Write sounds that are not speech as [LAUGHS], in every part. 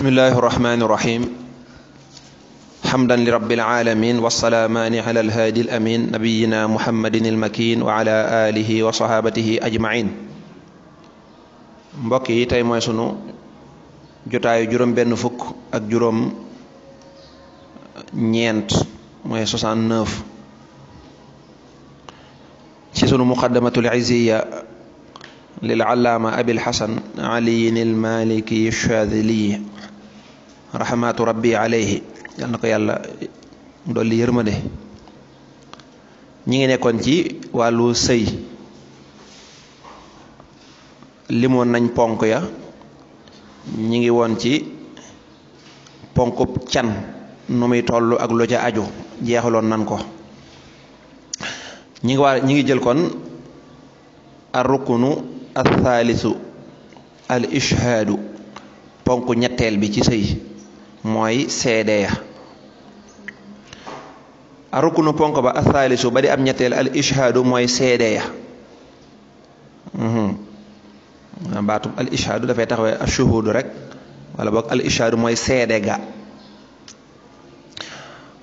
bismillahi irrahmani irrahim xamdan li rabbil alamin wasalaamaani ala alhaadi alamin nabiyina muhammadin almakin wa ala alihi wa sahaabatihi ajmain mbokk yi tey mooy sunu jotaayu juróom benn fukk ak juróom ñeent mooy 69 ci sunu muqaddamatul iziya lil allaama abil xasan aliyin almaliki shadili raxmaatu rabbi alayhi yal ko yàlla dolli yërmande ñi ngi nekkoon ci wàllu sëy limoon nañ ponk ya ñi ngi woon ci ponkub can nu muy toll ak lu ca aju jeexaloon nan ko ñi ngi waa ñi ngi jël kon ar rukunu al thaalisu al ishaadu ponk ñetteel bi ci sëy mooy seede ya arukunu ponk ba athaalisu ba di am ñetteel al ishaadu mooy seede ya mhm. baatub al ishaadu dafay taxawee ashuhudu rek wala boog al ishaadu mooy seede ga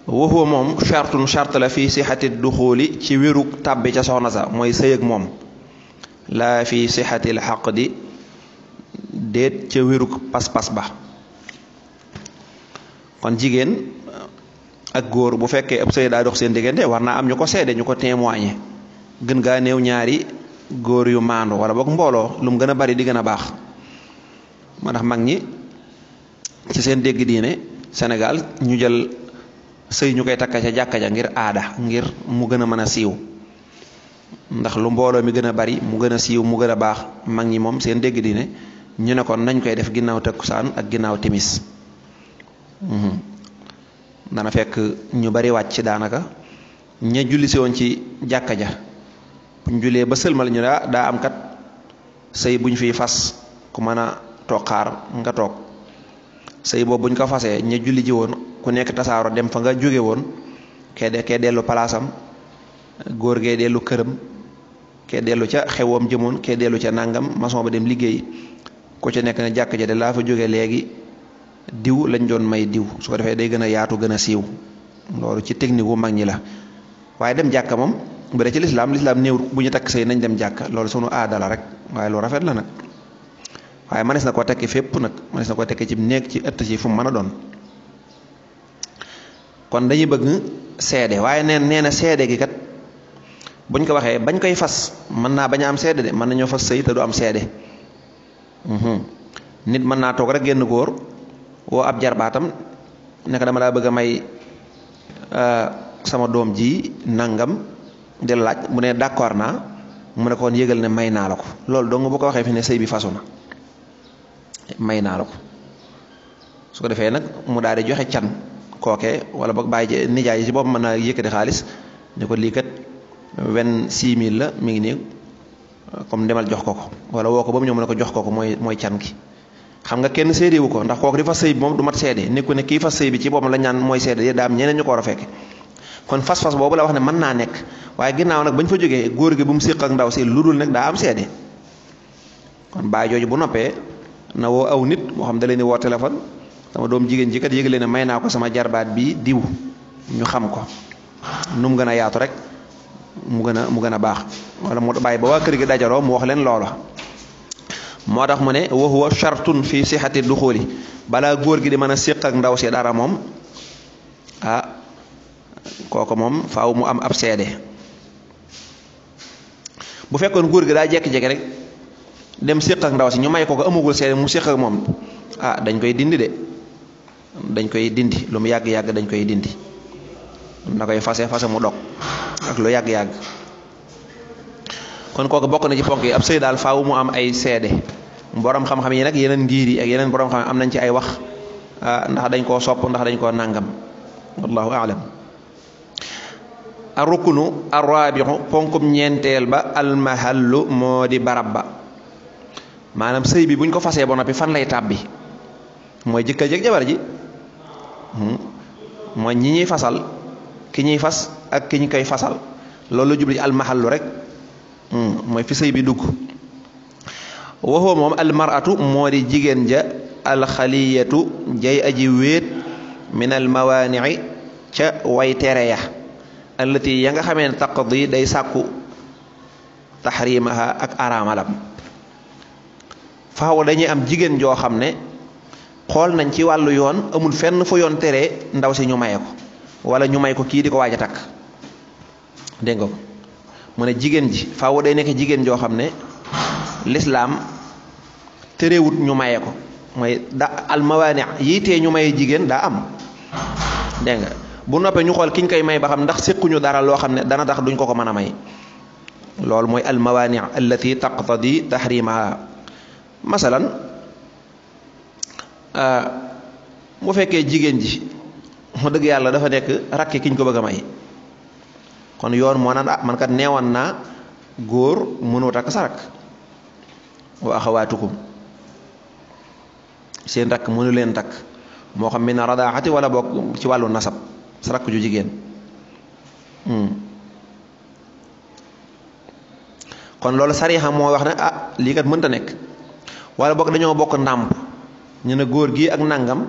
waxuwa moom chartun chart la fii sixati duxuuli ci wérug tàbbi ca soxna sa mooy sëyëg moom laa fii sixati l xaq di déet ca wérug pas-pas ba kon jigéen ak góor bu fekkee ab sëy daa dox seen diggante war naa am ñu ko seede ñu ko témoigner gën gaa néew ñaari góor yu maandu wala boog mbooloo lu mu gën a bari di gën a baax moo mag ñi ci seen dégg diine Sénégal ñu jël sëy ñu koy takka ca jàkka ngir aada ngir mu gën a mën a siiw ndax lu mbooloo mi gën a bari mu gën a siiw mu gën a baax mag ñi moom seen dégg diine ñu ne kon nañ koy def ginnaaw takkusaan ak ginnaaw timis Mhm. dana fekk ñu bari wàcc daanaka ña julli si woon ci jàkka ja buñ jullee ba sëlmal ñu daa ah, daa am kat sëy buñ fiy fas ku mën a toog xaar nga toog sëy boobu buñ ko fasee ña julli ji woon ku nekk tasaaro dem fa nga jóge woon kee de dellu palaasam góor gee dellu këram kee dellu ca xewoom jëmoon kee dellu ca nangam maçon ba dem liggéey ku ci nekk ne jàkka ja de laa fa jóge léegi diw lañ doon may diw su ko defee day gën a yaatu gën a siiw loolu ci technique wu mag ñi la waaye dem jàkka moom bu dee ci lislaam lislaam néewut bu ñu takk sëy nañ dem jàkka loolu sunu aadala rek waaye lu rafet la nag waaye manees na koo tekki fépp nag manees na koo tekki ci néeg ci ëtt si fu mu mën a doon kon dañuy bëgg seede waaye neen nee na seede gi kat buñ ko waxee bañ koy fas mën naa bañ a am seede de mën nañoo fas sëy te du am seede mhm. nit mën naa toog rek génn góor woo ab jarbaatam naka dama laa bëgg a may euh, sama doom ji nangam di laaj mu ne d'accord naa mu ne koon yëgal ne may naa la ko loolu dong bu ko waxee fi ne sëy bi fasu may naa la ko su ko defee nag mu daal di joxe can kooke wala boog bàyyi je nijaay ci boobu mën naa yëkkati xaalis ne ko lii kat vingt-six mille la mi ngi nii comme demal jox ko ko wala woo ko ba mu ñëw mu ne ko jox ko ko mooy mooy can gi xam nga kenn séedewu ko ndax kooku di fas sëy bi moom du mat seede nekku ne kii fas sëy bi ci boppam la ñaan mooy seede daa am ñeneen ñu ko war a fekk kon fas-fas boobu la wax ne mën naa nekk waaye ginnaaw nag bañ fa jógee góor gi bu mu séq ak ndaw si lu dul nag daa am seede kon baay jooju bu noppee na woo aw nit moo xam da leen woo téléphone sama doom jigéen ji kat yëgle ne may naa ko sama jarbaat bi diw ñu xam ko nu mu gën a yaatu rek mu gën a mu gën a baax wala mu bàyyi ba kër gi dajaloo mu wax leen loola moo tax mu ne wa huwa chartun fi du duxuli balaa góor gi di mën a séq ak ndaw si dara moom ah kooku moom faaw mu am ab seede bu fekkoon góor gi daa jekki-jekki rek dem séq ak ndaw si ñu may ko ko amagul seede mu séq ak moom ah dañ koy dindi de dañ koy dindi lu mu yàgg-yàgg dañ koy dindi na koy fase fase mu dog ak lu yàgg-yàgg kon kooku bokk na ci ponk yi ab sëy daal faaw mu am ay seede borom xam-xam yi nag yeneen ngiir yi ak yeneen borom xam am nañ ci ay wax ah, ndax dañ koo sopp ndax dañ koo nàngam wallahu aalam arrukunu arrabiu ponkum ñeenteel ba almahallu moo di barab ba maanaam sëy bi buñ ko fasee ba noppi fan lay tàbbi mooy jëkkër jëg jabar ji hmm? mooy ñi ñuy fasal ki ñuy fas ak ki ñu koy fasal loolu jubli almahallu rek hmm? mooy fi sëy bi dugg wa moom almaratu moo di jigéen ja alxaliyatu jay aji wéet min almawaanii ca way tere ya allati ya nga xamee ne taqdi day sàkku taxrimaha ak araamalam faaw dañuy am jigéen joo xam ne xool nañ ci wàllu yoon amul fenn fu yoon teree ndaw si ñu maye ko wala ñu may ko kii di ko waaj takk dégg ko mu ne jigéen ji faaw day nekk jigéen joo xam ne lislaam terewut ñu maye ko mooy da almawaane yi ñu maye jigéen daa am dégg nga bu noppee ñu xool kiñ koy may ba xam ndax séquñu dara loo xam ne dana tax duñ ko ko mën a may loolu mooy almawaani allati taqtadi tahrimaha masalan mu euh, fekkee jigéen ji mu dëgg yàlla dafa nekk rakki kiñ ko bëgg may kon yoon moo naan ah man kat neewoon naa góor mënoo takk sa rakk wa axawaatukum seen rakk mënu leen takk moo xam mi na radaaxati wala bokk ci wàllu nasab sa ju jigéen hmm. kon loolu sariixa moo wax ne ah lii kat mënta nekk wala bokk dañoo bokk ndàmp ñu ne góor gi ak nangam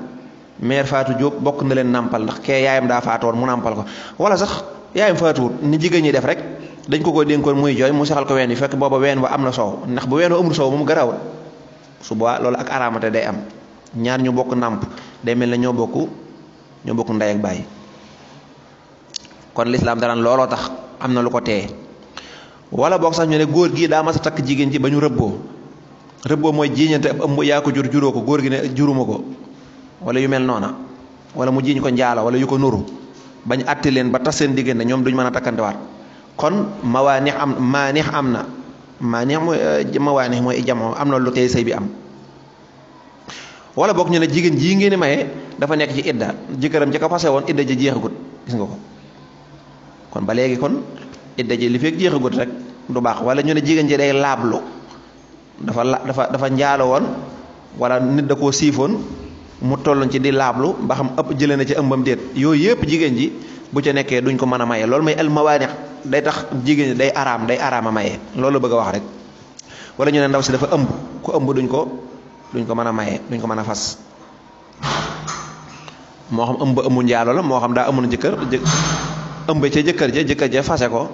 mère Fatou Diop bokk na leen nàmpal ndax kee yaayam daa faatoon mu nàmpal ko wala sax yaayam faatuwut ni jigéen ñi def rek dañ ko koy dénkoon muy jooy mu saxal ko ween yi fekk booba ween wa am na soow ndax bu ween wa amul soow moom garaawul su boobaa loolu ak araamate day am ñaar ñu bokk nàmp day mel na ñoo bokk ñoo bokk ndey ak baay kon lislaam daraan looloo tax am na lu ko teye wala boog sax ñu ne góor gii daa mas takk jigéen ci ba ñu rëbboo rëbboo mooy jiiñante ab ëmb yaa ko jur juróo ko góor gi ne juruma ko wala yu mel noona wala mu jiiñ ko njaalo wala yu ko nuru bañ àtte leen ba tas seen diggante ñoom duñ mën a takkantewaat kon mawaanix am maanix am na maanix mooy euh, mawaanix mooy jamoo am na lu tey sëy bi am wala boog ñu ne jigéen jii ngeen di maye dafa nekk ci idda jëkkëram jëkka ko fase woon idda ji jeexagut gis nga ko kon ba léegi kon idda ji li fekk jeexagut rek du baax wala ñu ne jigéen ji day laablu dafa la dafa dafa njaalo woon wala nit da koo siifoon mu tolloon ci di laablu ba xam ëpp jëlee na ci ëmbam déet yooyu yëpp jigéen ji bu ca nekkee duñ ko mën a maye loolu mooy al day tax jigéen day araam day araama maye loolu bëgg a wax rek wala ñu ne ndaw si dafa ëmb ku ëmb duñ ko duñ ko mën a maye duñ ko mën a fas moo xam ëmb ëmbu njaalo la moo xam daa ëmb na jëkkër ëmb ca jëkkër ja jëkkër ja fase ko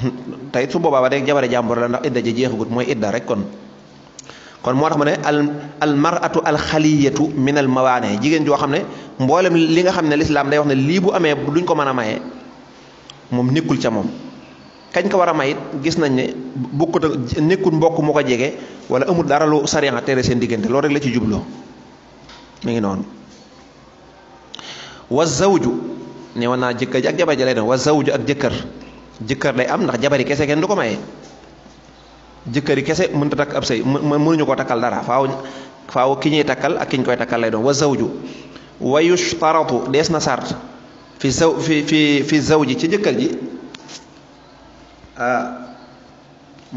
[LAUGHS] tey su boobaa ba dee jabare jàmbur la ndax idda ja jeexagut mooy idda rek kon kon moo tax mu ne al al maratu al xaliyatu min al mawaane jigéen joo xam ne mboolem li nga xam ne lislaam day wax ne lii bu amee duñ ko mën a maye moom nekkul ca moom kañ ko war a may gis nañ ne bokkut a nekkul mbokk mu ko jege wala amul dara lu sariya tere seen diggante loo rek la ci jubloo mi ngi noonu wa zawju ne woon naa jëkkër ji ak jabar ji lay doon wa zawju ak jëkkër jëkkër day am ndax jabar jabari kese kenn du ko maye jëkkër yi kese mën a takk ab sëy mënuñu koo takkal dara faaw faaw ki ñuy takkal ak kiñ koy takkal lay doon wa zawju wa yushtaratu dees na sart fi saw fi fi fi zaw ji ci jëkkër ji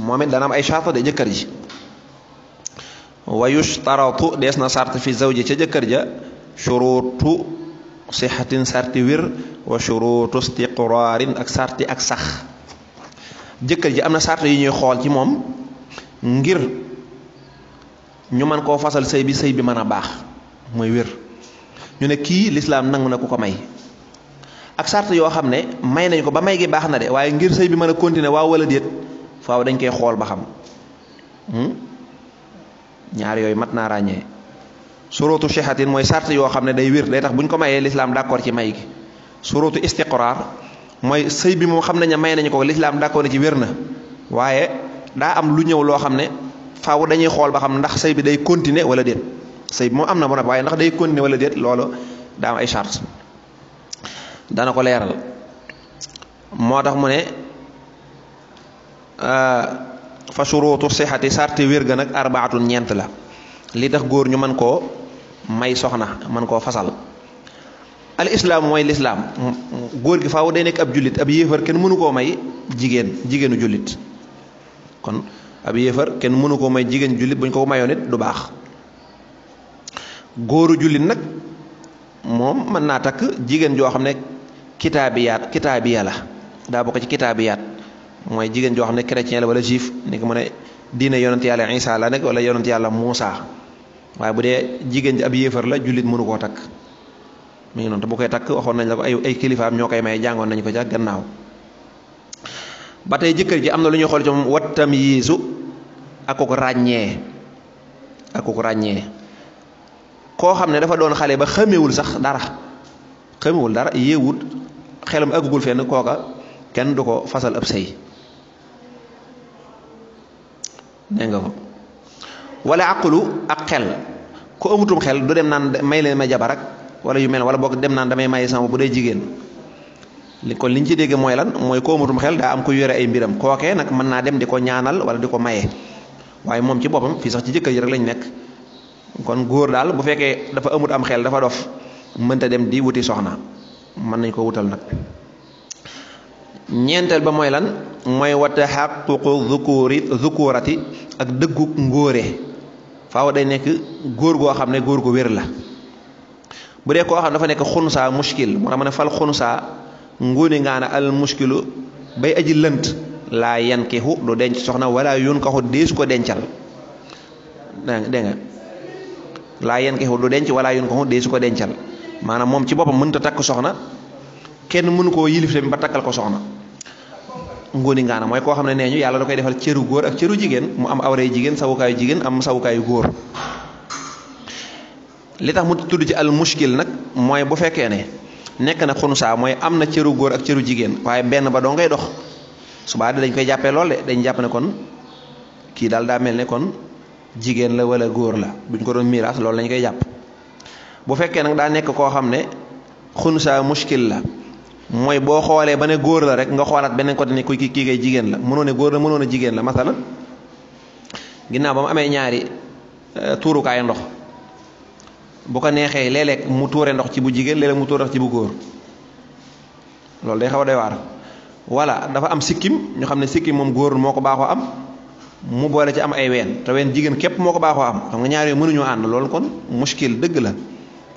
moom it dana am ay charte de jëkkër ji wa yushtaratu dees na sart fi zaw ji ca jëkkër ja shuruutu sixatin sarti wir wa shuruutu istiqraarin ak sarti ak sax jëkkër ji am na sart yi ñuy xool ci moom ngir ñu mën koo fasal sëy bi sëy bi mën a baax mooy wér ñu ne kii lislaam nangu na ku ko may ak sart yoo xam ne may nañ ko ba may gi baax na de waaye ngir sëy bi mën a continuer waaw wala déet faaw dañ koy xool ba xam hmm? ñaar yooyu mat naa ràññee surootu sihatin mooy sart yoo xam ne day wér day tax bu ko mayee lislaam d'accord ci may gi surootu istiqraar mooy sëy bi moom xam nañ ne may nañu ko lislaam d'accord ci wér na waaye daa am lu ñëw loo xam ne faaw dañuy xool ba xam ndax sëy bi day continuer wala déet sëy bi moom am na ba nag waaye ndax day continuer wala déet loolu daa am ay chart dana ko leeral moo tax mu ne euh, fa suruutu sixati sarti wér ga nag arbaatun ñeent la li tax góor ñu mën koo may soxna mën koo fasal al islaam mooy lislaam góor gi faaw day nekk ab jullit ab yéefar kenn mënu koo may jigéen jigéenu jullit kon ab yéefar kenn mënu koo may jigéen jullit bu ñu ko mayoon it du baax góoru jullit nag moom mën naa takk jigéen joo xam ne kitaabiyaat kitaabiya la daa bokk ci kitaabiyaat mooy jigéen joo xam ne chrétien la wala juif ni ko mu ne diine yonent yàlla Isa la nekk wala yonent yàlla Muusa waaye bu dee jigéen ji ab yéefar la jullit mënu koo takk mu ngi noonu te bu koy takk waxoon nañ la ko ay kilifaam ñoo koy may jàngoon nañ ko ca gannaaw ba tey jëkkër ji am na lu ñuy xool ci moom wat tamyiizu ak ko ràññee ak ko ràññee koo xam ne dafa doon xale ba xamewul sax dara xamewul dara yéewut xelam àggugul fenn kooka kenn du ko fasal ab sëy dégg nga ko walla àqulu ak xel ku amutum xel du dem naan may leen ma jabar ak wala yu mel wala boog dem naan damay may sama bu dee jigéen li kon liñ ci dégg mooy lan mooy ku amutum xel daa am ku yore ay mbiram kookee nag mën naa dem di ko ñaanal wala di ko maye waaye moom ci boppam fii sax ci jëkkër ji rek lañ nekk kon góor daal bu fekkee dafa amut am xel dafa dof mënta dem di wuti soxna mën nañ ko wutal nag ñeenteel ba mooy lan mooy wata xaququ zukuri ak dëggu ngóore faaw day nekk góor goo xam ne góor gu wér la bu dee koo xam ne dafa nekk xunsaa muskil moo tax ma ne fal xunsaa nguuni ngaana al bay aji lënt laa yan du denc soxna wala yun kaxu deesu ko dencal dégg laa yen ko xul du denc wala yun ko xul dee su ko dencal maanaam moom ci boppam mënta a takk soxna kenn mënu koo yilif tamit ba takkal ko soxna ngóoni ngaana mooy koo xam ne nee ñu yàlla da koy defal cëru góor ak cëru jigéen mu am awrey jigéen sawukaayu jigéen am sawukaayu góor li tax mu tudd ci al mushkil nag mooy bu fekkee ne nekk na xunusaa mooy am na cëru góor ak cëru jigéen waaye benn ba doo ngay dox subaa dañ koy jàppee lool de dañ jàpp ne kon kii daal daa mel ne kon jigéen la wala góor la buñ ko doon miraas loolu lañ koy jàpp bu fekkee nag daa nekk koo xam ne xunsa muskil la mooy boo xoolee ba ne góor la rek nga xoolaat beneen côté ne ki kii kay jigéen la mënoone ne góor la mënoo jigéen la masalan ginnaaw ba mu amee ñaari euh, tuurukaayu ndox bu ko neexee léeg mu tuure ndox ci bu jigéen léeg mu tuure ndox ci bu góor loolu day xaw a doy waar. wala dafa am sikkim ñu xam ne sikkim moom góor moo ko baaxoo am mu boole ci am ay ween te wen jigéen képp moo ko baaxoo am xam nga ñaar yooyu mënuñoo ànd loolu kon muskil dëgg la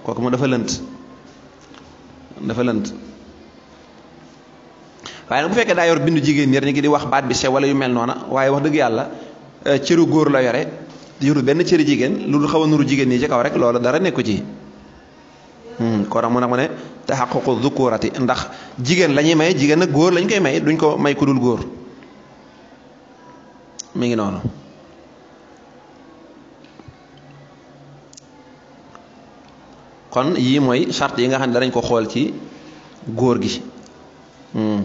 kooku mu dafa lënt dafa lënt waaye nag bu fekkee daa yor bindu jigéen ñi ngi di wax baat bi sew wala yu mel noona waaye wax dëgg yàlla euh, cëru góor la yore yoru benn cëri jigéen lu dul xaw a nuru jigéen ñi ci kaw rek loolu dara nekku ci hmm, kon mu ne mu ne taxaququ dukurati ndax jigéen lañuy may jigéen nag góor lañ koy may duñ ko may ku góor mi ngi noonu kon yii mooy charte yi nga xam ne danañ ko xool ci góor gi hmm.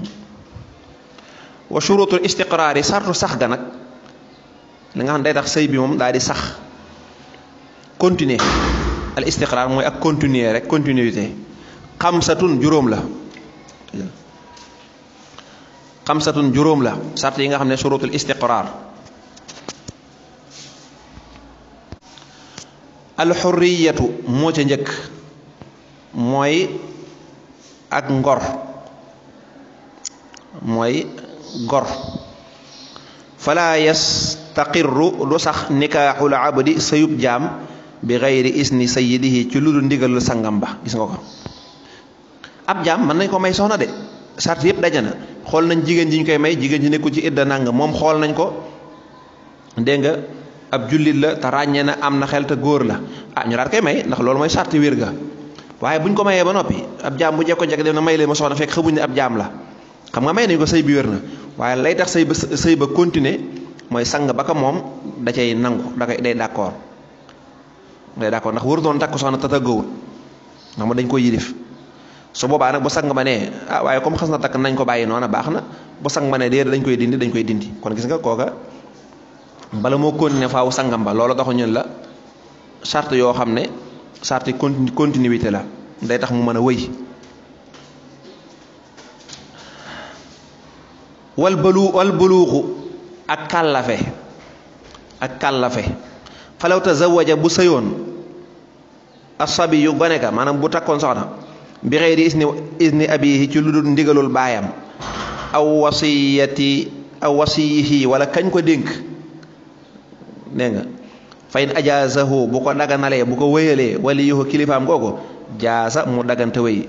wa shurutul istiqraar yi sartu sax ga nag li nga xam ne day tax sëy bi moom daal di sax continuer al istiqraar mooy ak continuer rek continuité xamsatun juróom la xamsatun juróom la sart yi nga xam ne shurutul istiqraar alxurriyatu moo ca njëkk mooy ak ngor mooy ngor falaa yastaqirru du sax nikaaxul abdi sëyub jaam bi is xayri isni sayyidihi ci lu dul ndigalul sangam ba gis nga ko ab jaam mën nañ ko may soxna de sart yëpp daje na xool nañ jigéen ji ñu koy may jigéen ji nekkul ci idda nang moom xool nañ ko dégg ab jullit la te ràññee na am na xel te góor la ah ñu daal koy may ndax loolu mooy sarti wér ga waaye buñ ko mayee ba noppi ab jaam bu jekko jekk dem na may leen ma soxna fekk xamuñ ne ab jaam la xam nga may nañ ko sëy bi wér na waaye lay tax sëy ba sëy ba continuer mooy sang ba ka moom da cay nangu da day d'accord day d'accord ndax waru doon takk soxna te tëggawul ndax ma dañ koy yilif su boobaa nag bu sang ba ne ah waaye comme xas na takk nañ ko bàyyi noona baax na bu sang ba ne déedéet dañ koy dindi dañ koy dindi kon gis nga kooka bala moo continuer faaw sangam ba loolu taxu ñun la sart yoo xam ne charte continu continuité la day tax mu mën a wëy wal balu wal buluuxu ak kàllafe ak kàllafe falaw tazawaja bu sëyoon asabi yu gone ka maanaam bu takkoon soxna bi xeyri isni isni abihi ci lu dul ndigalul baayam aw wasiyati aw wasiyihi wala kañ ko dénk nee nga fayin ajaasahu bu ko daganalee bu ko wéyalee waliyuhu kilifaam googu jaasa mu dagante wéy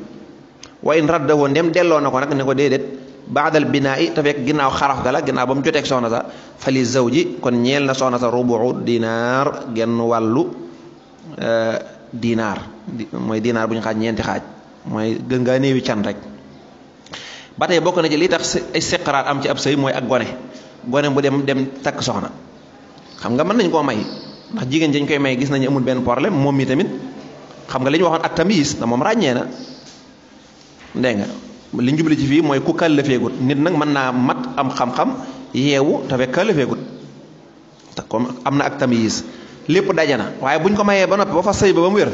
wa in raddahu ndem delloo na ko nag ne ko déedéet baadal binaa i te fekk ginnaaw xaraf gala ginnaaw ba mu joteeg soxna sa fali zawji kon ñeel na soxna sa rubu dinaar genn wàllu euh, dinaar mooy dinaar buñ ñu xaaj ñeenti xaaj mooy gën ngaa néewi can rek ba tey bokk na ci li tax ay am ci ab sëy mooy ak gone gone bu dem dem takk soxna xam nga mën nañ koo may ndax jigéen dañ koy may gis nañu amul benn problème moom mi tamit xam nga li ñu waxoon at tamis na moom ràññee na dégg nga li ñu jubli ci fii mooy ku kàllafeegut nit nag mën naa mat am xam-xam yeewu te fekk kàllafeegut te comme am na ak tamis lépp daje na waaye buñ ko mayee ba noppi ba fa sëy ba ba mu wér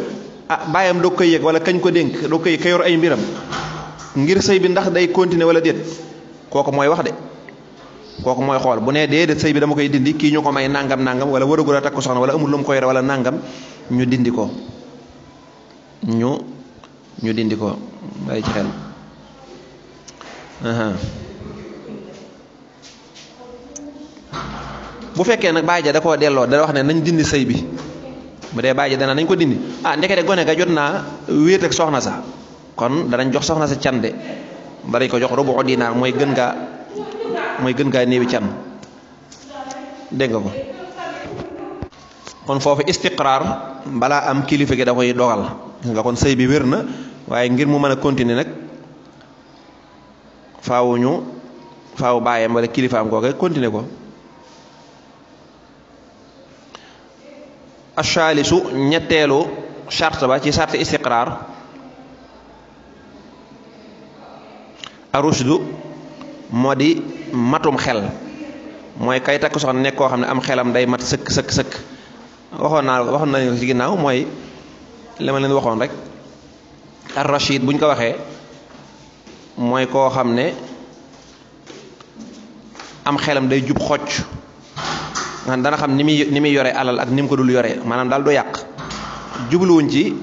ah bàyyam doo koy yëg wala kañ ko dénk doo koy yëg ka yor ay mbiram ngir sëy bi ndax day continuer wala déet kooku mooy wax de. kooku mooy xool bu nee déedéet sëy bi dama koy dindi kii ñu ko may nangam nangam wala waragul a takku soxna wala amul lu mu ko yore wala nangam dindi ko ñu ñu dindi ko bàyyi ci xel. bu fekkee nag baay da koo delloo da wax ne nañ dindi sëy bi bu dee baay ja ko dindi ah ndekete jot naa wéet soxna sa kon danañ jox soxna sa cande danañ ko jox rubu dinaar mooy gën nga mooy gën gaa néewi can dégg nga ko kon foofu istiqraar balaa am kilifa gi da koy dogal nga kon sëy bi wér na waaye ngir mu mën a continuer nag faawu faw faawu baayam wala kilifaam kooke continuer ko achaalisu ñetteelu charte ba ci charte istiqraar arushdu moo matum xel mooy kay takk soxna nekk koo xam ne am xelam day mat sëkk sëkk sëkk waxoon naa waxoon nañu ko ci ginnaaw mooy li ma leen waxoon rek ar buñ ko waxee mooy koo xam ne am xelam day jub xocc nga dana xam ni muy ni muy yore alal ak ni mu ko dul yore maanaam daal du yàq jubluwuñ ci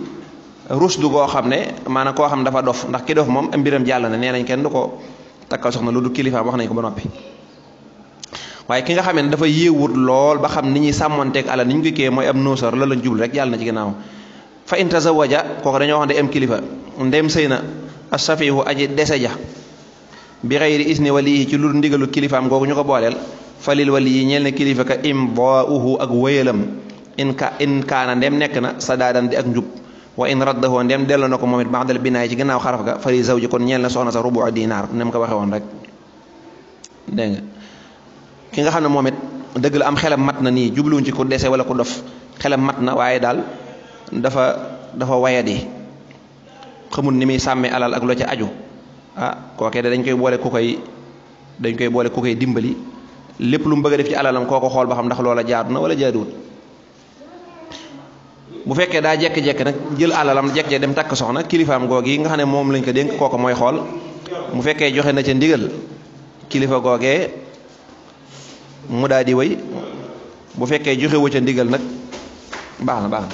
rusdu goo xam ne maanaam koo xam dafa dof ndax ki dof moom mbiram jàll na nee nañ kenn du ko takkal soxna loolu kilifa wax nañ ko ba noppi waaye ki nga xamee ne dafa yéewut lool ba xam ni ñuy sàmmanteeg alal ni ñu koy kiyee mooy am noosar la lañ rek yàlla na ci ginnaaw fa in tazawaja kooku dañoo wax kilifa ndem sëy na asafihu aji dese ja bi xayri isni waliyi ci lu ndigalu kilifaam googu ñu ko booleel falil waliyi ñeel ne kilifa ka imdauhu ak wéyalam in ka in kaana ndem nekk na sa daadan di ak njub wa in raddahu ndem delloo na ko moom it ba'dal binaay ci gannaaw xaraf ga fari zawji kon ñeel na soxna sa ko waxee woon rek dégg ki nga xam ne moom it dëgg la am xelam mat na nii jubluwuñ ci ku dese wala ku dof xelam mat na waaye daal dafa dafa wayadi xamul ni muy sàmmee alal ak loo ca aju ah kookee dañ koy boole ku koy dañ koy boole ku koy dimbali lépp lu a koo ko xool ba xam ndax loola jaadu na wala jaaduwut bu fekkee daa jekki-jekki nag jël alalam jekk-jekki dem takk soxna kilifaam googi nga xam ne moom lañ ko dénk kooku mooy xool mu fekkee joxe na ca ndigal kilifa googee mu daal di wéy bu fekkee joxe wu nag baax na baax na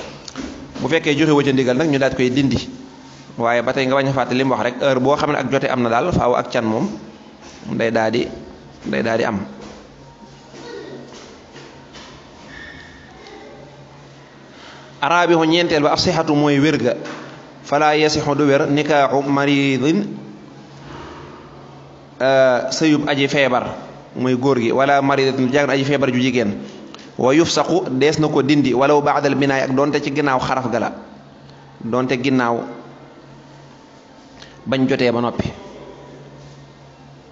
bu fekkee joxe wu ca ndigal nag ñu daal koy dindi waaye ba tey nga bañ a fàtte li mu wax rek heure boo xam ne ak jote am na daal faaw ak can moom day daal di day daal di am. araabihu ñeenteel ba af sixatu mooy wér ga fala yasixu du wér nikaaxu maridin euh, sëyub aji feebar mooy góor gi wala maridatin jàng aji feebar ju jigéen wa yufsaqu dees na ko dindi walaw baadal binaay ak doonte ci ginnaaw xaraf gala la doonte ginnaaw bañ jotee ba noppi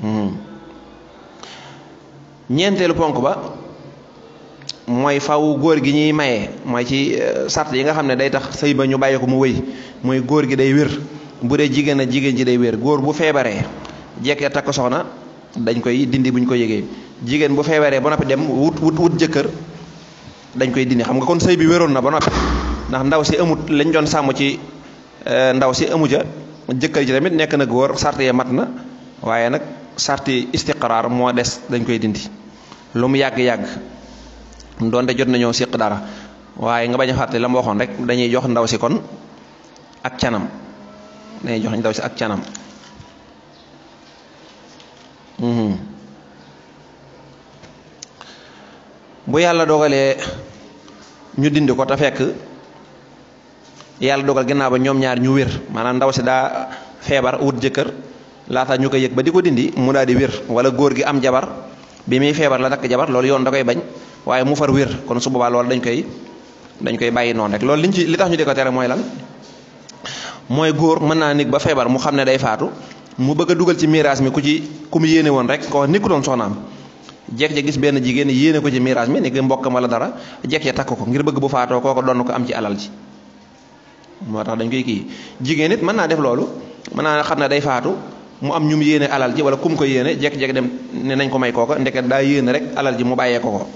hmm. ñeenteelu ponk ba mooy faw góor gi ñuy maye mooy ci euh, sart yi nga xam ne day tax sëy ba ñu bàyyi ko mu wéy mooy góor gi day wér bu dee jigéen a jigéen ji day wér góor bu feebaree jekkee takk soxna dañ koy dindi buñ ñu ko yëgee jigéen bu feebaree ba noppi dem wut wut wut jëkkër dañ koy dindi xam nga kon sëy bi wéroon na ba noppi ndax ndaw si amut lañ doon sàmm ci euh, ndaw si amu ja jëkkër ji tamit nekk na góor sart ya mat na waaye nag sarti istiqraar moo des dañ koy dindi lu mu yàgg-yàgg doonte jot nañoo séq dara waaye nga bañ a fàtte la mu waxoon rek dañuy jox ndaw si kon ak canam dañuy jox ndaw si ak canam mhm. bu yàlla dogalee ñu dindi ko te fekk yàlla dogal ginnaaw ba ñoom ñaar ñu wér maanaam ndaw si daa feebar wut jëkkër laata ñu koy yëg ba di ko dindi mu daal di wér wala góor gi am jabar bi muy feebar la takk jabar loolu yoon da koy bañ waaye mu far wér kon su boobaa loolu dañ koy dañ koy bàyyi noonu rek loolu liñ ci li tax ñu di ko tere mooy lan mooy góor mën naa nekk ba feebar mu xam ne day faatu mu bëgg dugal ci miraas mi ku ci ku yéene woon rek ko doon soxnaam jekk ja gis benn jigéen yéene ko ci miraas mi nekk mbokkam wala dara jekk takk ko ngir bëgg bu faatoo kooko doon ko am ci alal ji moo tax dañ koy kii jigéen it mën naa def loolu mën naa xam ne day faatu mu am ñu mu yéene alal ji wala kum ko yéene jekk-jekk dem ne nañ ko may kooko ndeket daa yéene rek alal ji mu bàyyee ko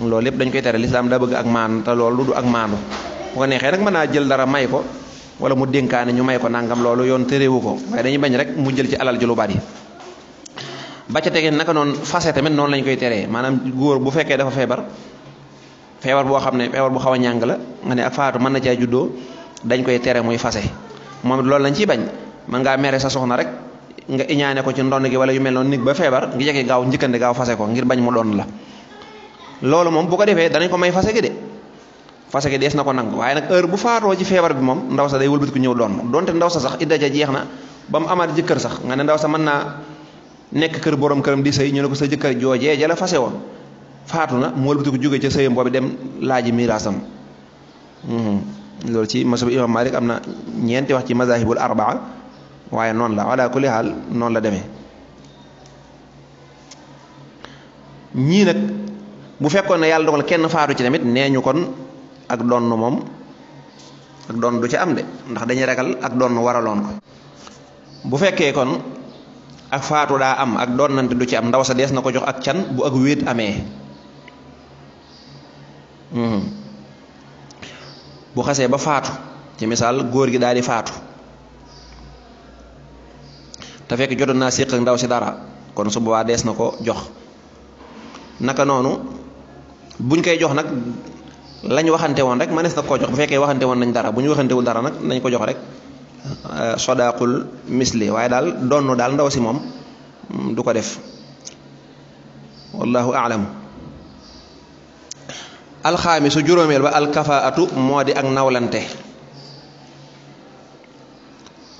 loolu lépp dañ koy tere lislaam daa bëgg ak maanu te loolu du ak maanu bu ko neexee nag mën naa jël dara may ko wala mu dénkaane ñu may ko nangam loolu yoon téréwu ko waaye dañuy bañ rek mu jël ci alal ju lu bari naka noonu fase tamit noonu lañ koy teree maanaam góor bu fekkee dafa feebar feebar boo xam ne feebar bu xaw a ñàng la nga ne ak faatu mën na caa juddoo dañ koy tere muy fase moom it loolu lañ ciy bañ man ngaa mere sa soxna rek nga iñaane ko ci ndond gi wala yu mel noonu nit ba feebar ngi jege gaaw njëkkande gaaw fase ko ngir bañ mu doon la loolu moom bu ko defee danañ ko may fase gi de fase gi dees na ko nangu waaye nag heure bu faatoo ci feebar bi moom ndaw sa day wëlbati ku ñëw doon donte ndaw sa sax idda ja jeex na ba mu amaat jëkkër sax nga ne ndaw sa man naa nekk kër boroom këram di sëy ñu ne ko sa jëkkër joojee jala fase woon faatu na mu wëlbati ko jógee ca sëyam boobu dem laaji miraasam mhm. loolu ci masab imam malik am na ñeenti wax ci mazahibul arbaa waaye noonu la ala kulli xaal noonu la demee ñii bu fekkoon ne yàlla dogal kenn faatu ci tamit nee ñu kon ak donn moom ak donn du ci am de ndax dañuy ragal ak donn waraloon ko bu fekkee kon ak faatu daa am ak doon donnante du ci am ndaw sa dees na ko jox ak can bu ak wéet amee hmm. bu xasee ba faatu ci misaal góor gi daal di faatu te fekk jotoon naa séq ak ndaw si dara kon su boobaa dees na ko jox naka noonu bu buñ koy jox nag lañ waxante woon rek manees na koo jox bu fekkee waxante woon nañ dara bu ñu waxantewul dara nag nañ ko jox rek euh, sodaakul misli waaye daal donn daal ndaw si moom mm, du ko def wallahu alam alxaamisu juróomeel ba alkafaatu moo di ak nawlante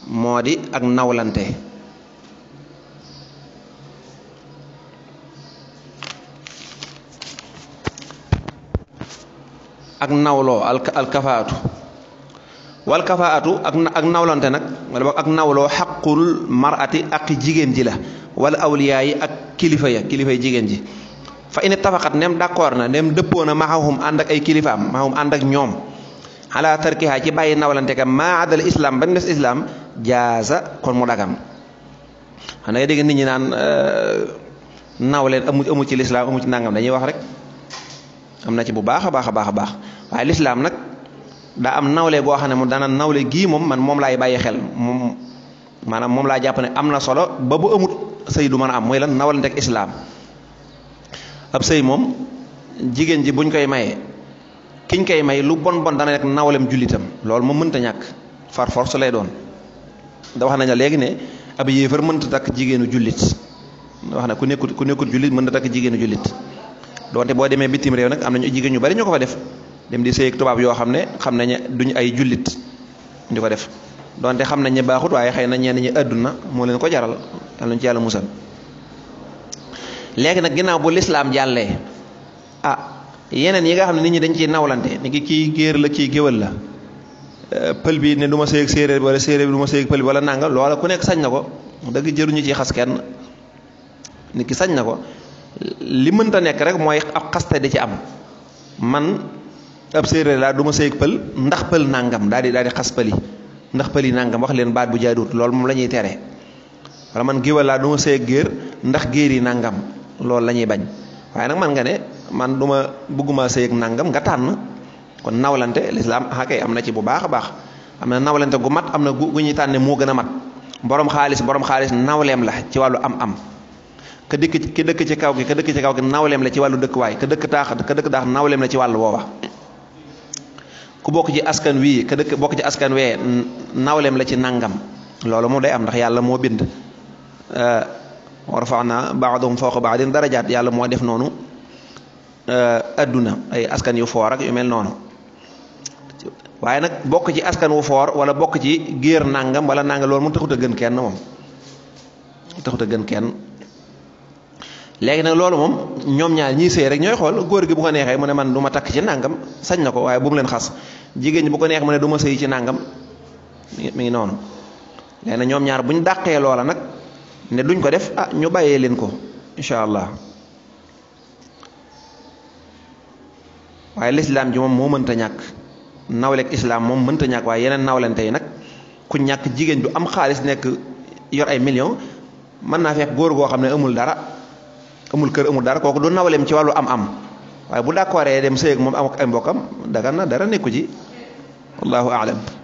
moo di ak nawlante ak nawloo alkafaatu walkafaatu ak ak nawlante nag wala ak nawloo xaqul marati ak jigéen ji la wala awliyaa ak kilifa ya kilifa jigéen ji fa in ittafaqat nem d'accord na nem dëppoo na maxawum ànd ak ay kilifaam maxawum ànd ak ñoom ala tarkiha bàyyi nawlante ka maa adal islam ba mu des islam jaasa kon mu dagam xanaa nga dégg amu ci lislaam ci nangam dañuy wax rek am na ci bu baax a baax a baax a baax waaye lislaam nag daa am nawle goo xam ne mu dana nawle gii moom man moom laay bàyyi xel moom maanaam moom laa jàpp ne am na solo ba bu amut sëy du mën a am mooy lan nawlante ak islaam ab sëy moom jigéen ji buñ koy mayee kiñ koy may lu bon bon dana nekk nawlem jullitam loolu moom mënta ñàkk far force lay doon dawax wax nañ léegi ne ab yéefar mënta takk jigéenu jullit wax na ku nekkut ku nekkut jullit mënta takk jigéenu jullit donte boo demee bitim réew nag am nañu jigéen ñu bari ñu def dem di sëy tubaab yoo xam ne xam nañ duñ ay jullit ñu ko def donte xam nañ ne baaxut waaye xëy na ñenn ñi àdduna moo leen ko jaral yal nañ ci yàlla musal léegi nag ginnaaw bu lislaam jàllee ah yeneen yi nga xam ne nit ñi dañ ciy nawlante ni ki kii géer la kii géwël la euh, pël bi ne du ma sëy ak séeréer bi wala séeréer bi du ma sëy ak pël bi wala nanga loola ku nekk sañ na ko dëgg jëruñu ci xas kenn nit ki sañ na ko li mënta nekk rek mooy ab xaste di ci am man ab séeréer laa du ma sëy ak pël ndax pël nangam daal di daal di xas pël ndax pël yi nangam wax leen baat bu jaaduwut loolu moom la ñuy tere wala man géwal laa du ma sëy ak géer ndax géer yi nangam loolu la ñuy bañ waaye nag man nga ne man duma bëgguma sëy ak nangam nga tànn kon nawlante lislaam ah kay am na ci bu baax a baax am na nawlante gu mat am na gu gu ñu tànne moo gën a mat borom xaalis borom xaalis nawleem la ci wàllu am-am. ka dëkk ki dëkk ci kaw gi ka dëkk ci kaw gi nawleem la ci wàllu dëkkuwaay ka dëkk taax ka dëkk taax nawleem la ci wàllu woowa ku bokk ci askan wii ka dëkk bokk ci askan wee nawleem la ci nangam loolu mu day am ndax yàlla moo bind eh, wa rafa'na ba'dahum fawqa dara jaat yàlla moo def noonu eh, adduna ay askan yu foor ak yu mel noonu waaye nag bokk ci askan wu foor wala bokk ci géer nangam wala nangam loolu mu taxut a gën kenn moom taxut a gën kenn léegi nag loolu moom ñoom ñaar ñii sëy rek ñooy xool góor gi bu ko neexee mu ne man duma ma takk ci nàngam sañ na ko waaye bu mu leen xas jigéen ñi bu ko neex mu ne du ma sëy ci nàngam mi ngi noonu léegi nag ñoom ñaar bu ñu dàqee loola nag ne duñ ko def ah ñu bàyyee leen ko incha allah waaye lislaam ji moom moo mënta ñàkk nawleeg islaam moom mënta ñàkk waaye yeneen nawlente tey nag ku ñàkk jigéen ju am xaalis nekk yor ay million mën naa fekk góor goo xam ne amul dara amul kër amul dara kooku du nawaleem ci wàllu am-am waaye bu d'accordee dem sëyeeg moom am ak ay mbokkam dagan na dara nekku ci wallahu aalam